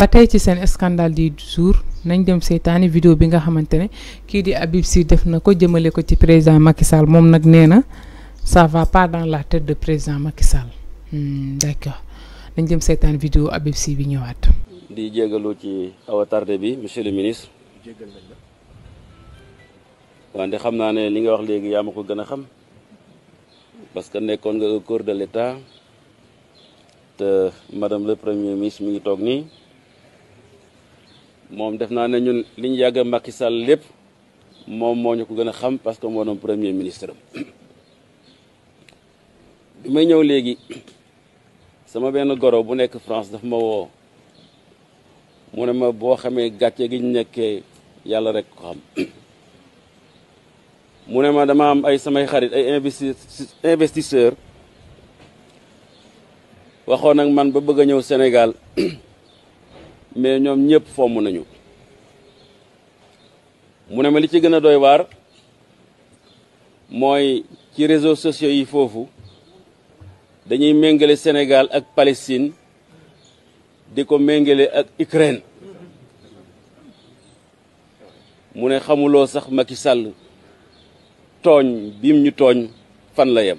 ba tey ci seen scandale di jour nañ dem seetaani vidéo bi nga xamante ne kii di abib Sy def na ko jëmale ko ci président Macky Sall moom nag nee na ça va pas dans la tête de président Macky Sall hmm, d'accord nañ dem seetaan vidéo abib Sy bi ñëwaat. di jégalu ci awa tardé bi monsieur le ministre. wante xam naa ne li nga wax léegi yaa ma ko gën a xam parce que nekkoon nga corps de l'État madame le premier ministre mi ngi toog nii moom def naa ne ñun li ñu yàgg a Macky Sall lépp moom moo ñu ko gën a xam parce que moo doon premier ministre bi may ñëw léegi sama benn goro bu nekk France daf ma woo mu ne ma boo xamee gàcce gi ñu nekkee yàlla rek ko xam mu ne ma dama am ay samay xarit ay investi investisseur waxoon ak man ba bëgg a ñëw Sénégal mais ñoom ñëpp fomm nañu mu ne ma li ci gën a doy waar mooy ci réseau sociaux yi foofu dañuy méngale Sénégal ak Palestine di ko méngale ak Ukraine mu ne xamuloo sax Macky sàll tooñ bim ñu tooñ fan la yem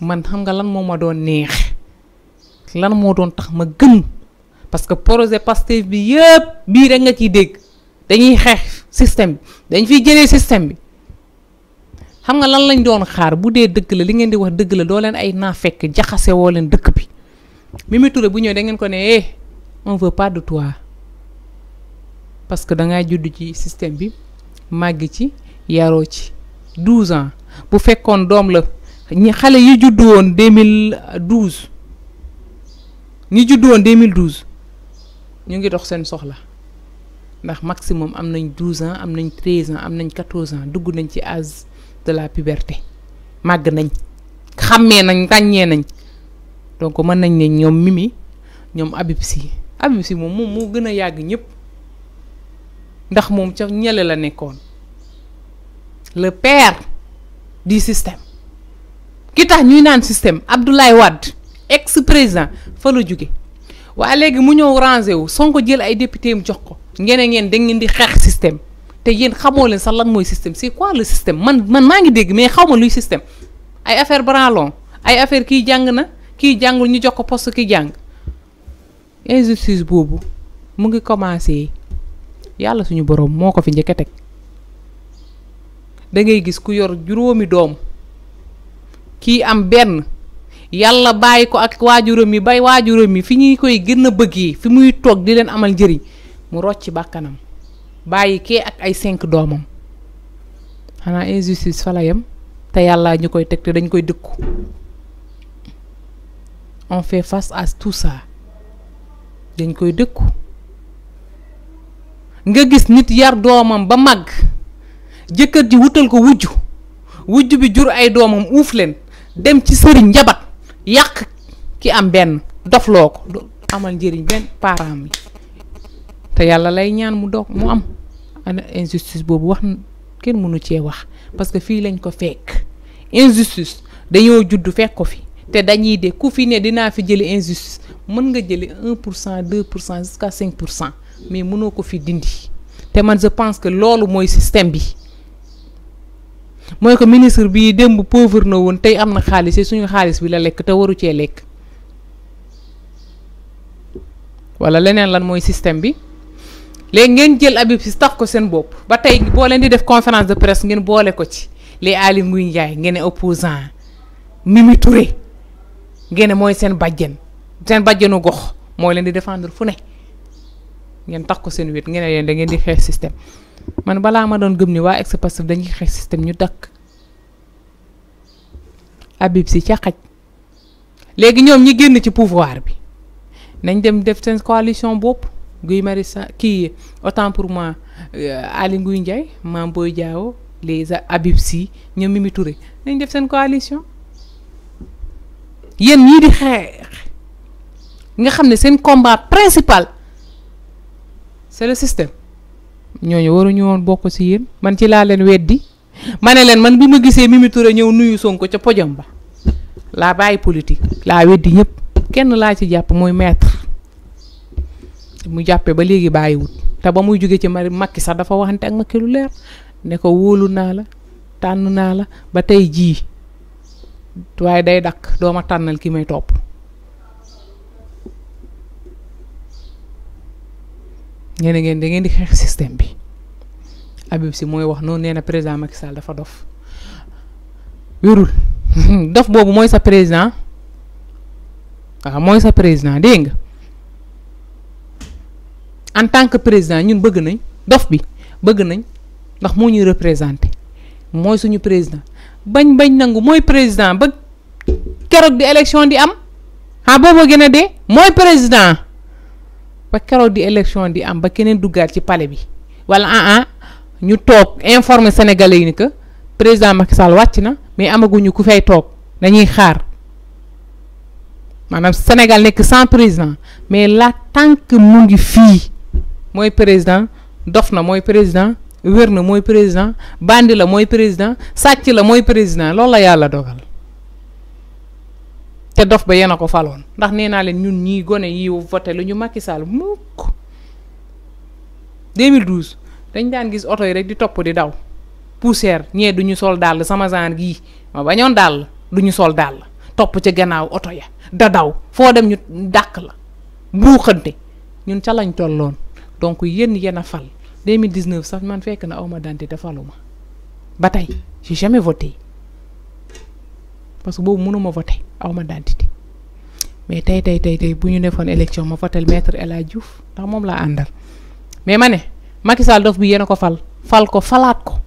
man xam nga lan moo ma doon neex lan moo doon tax ma gën parce que projet Pastef bi yëpp bii rek nga ciy dégg dañuy xeex système bi dañ fiy jëlee système bi xam nga lan lañ doon xaar bu dee dëgg la li ngeen di wax dëgg la doo leen ay naa fekk jaxase woo leen dëkk bi Mimi Touré bu ñëwee da ngeen ko ne eh on veut pas de toi parce que da ngaa judd ci système bi màgg ci yaroo ci 12 ans bu fekkoon doom la. ñi xale yi juddu woon 2012 ñi juddu woon 2012 ñu ngi dox seen soxla ndax maximum am nañ 12 ans am nañ 13 ans am nañ 14 ans dugg nañ ci âge de la puberté màgg nañ xàmmee nañ ràññee nañ donc mën nañ ne ñoom Mimi ñoom Habib Sy Habib Sy moom moom moo gën a yàgg ñëpp ndax moom ca ñële la nekkoon le père di système. ki tax ñuy naan système Abdoulaye wadd ex président fa la jóge waa léegi mu ñëw rangé wu Sonko jël ay député mu jox ko ngeen ngeen da ngeen di xeex système te yéen xamoo leen sax lan mooy système c'est quoi le système man man maa ngi dégg mais xaw ma luy système ay affaire branlon ay affaire kii jàng na kii jàngul ñu jox ko poste ki jàng injustice boobu mu ngi commencé yàlla suñu borom moo ko fi njëkk teg da ngay gis ku yor juróomi doom kii am benn yàlla bàyyi ko ak waajuram yi bay waajuram yi fi ñuy koy gën a bëggee fi muy toog di leen amal njëriñ mu rocci bàkkanam bàyyi kee ak ay cinq doomam xanaa injustice fa te yàlla ñu koy teg te dañ koy dëkku on fait face à tout ça dañ koy dëkku nga gis nit yar doomam ba màgg jëkkër ji wutal ko wujj wujj bi jur ay doomam uuf leen dem ci sëriñ njabat yàq ki am benn dofloo ko du amal njëriñ benn parent yi te yàlla lay ñaan mu doog mu am ana injustice boobu wax kenn mënu cee wax parce que fii lañ ko fekk injustice dañoo juddu fekk ko fi te dañuy de ku fi ne dinaa fi jëli injustice mën nga jëli un pour cent deux pour cent jusqu'à cinq pour cent mais mënoo ko fi dindi te man je pense que loolu mooy système bi mooy que ministre bii démb pauvre na woon tey am na xaalis suñu xaalis bi la lekk te waru cee lekk wala leneen lan mooy système bi léegi ngeen jël Habib Sy taf ko seen bopp ba tey boo leen di def conférence de presse ngeen boole ko ci les Aly Ngouille Ndiaye ngeene ne opposant Mimi Touré ngeen ne mooy seen bàjjen seen bàjjenu gox moo leen di défendre fu ne ngeen tax ko seen wet ngeen ne leen da ngeen di xeex système man balaa ma doon gëm ni waa ex dañuy xeex système ñu dakk Habib si ca xaj léegi ñoom ñi génn ci pouvoir bi nañ dem def seen coalition bopp Guy Marius Sagna kii autant pour moi euh, ali Ngouille Ndiaye Mame boy Diao les Habib Sy ñoom Mimi Touré nañ def seen coalition yéen ñii di xeex nga xam ne seen combat principal c'est le système ñooñu waruñu woon bokk ci yéen man ci laa leen weddi ma ne leen man bi ma gisee Mimi Touré ñëw nuyu Sonko ca pojam ba laa bàyyi politique laa weddi ñëpp kenn laa ci jàpp mooy maître mu jàppee ba léegi bàyyiwut te ba muy jóge ci mari Macky sax dafa waxante ak Macky lu leer ne ko wóolu naa la tànn naa la ba tey jii waaye day dakk doo ma tànnal ki may topp ngeen ne ngeen da ngeen di xeex système bi Habib si mooy wax noonu nee na président Macky dafa dof wérul dof boobu mooy sa président waaw mooy sa président dégg nga en tant que président ñun bëgg nañ dof bi bëgg nañ ndax moo ñuy représenté mooy suñu président bañ bañ nangu mooy président ba keroog di élection di am ah boobu gën a dee mooy président. ba keroog di élection di am ba keneen duggaat ci pale bi wala ah ah ñu toog informer sénégalais yi ni que président Macky Sall wàcc na mais amaguñu ku fay toog dañuy xaar maanaam Sénégal nekk sans président mais la tant mu ngi fii mooy président dof na mooy président wér na mooy président bandi la mooy président sàcc la mooy président loolu la yàlla dogal. te dof ba yéen a ko faloon ndax nee naa leen ñun ñii gone yi voté lu ñu Macky Sall mukk 2012 dañ daan gis oto yi rek di topp di daw poussière ñee du ñu sol dàll sama genre gii ma bañoon dàll du ñu sol dàll topp ca gannaaw oto ya da daw foo dem ñu dàq la buuxante ñun ca lañ tolloon donc yéen yéen a fal 2019 sax man fekk na awma dante te faluma ba tey j'ai jamais voté parce que boobu mënuma voté aw ma dentité mais tey tey tey tey bu ñu defoon élection ma votel maître El Hadj Diouf ndax moom laa àndal mais ma ne Macky dof bi yéen ko fal fal ko falaat ko.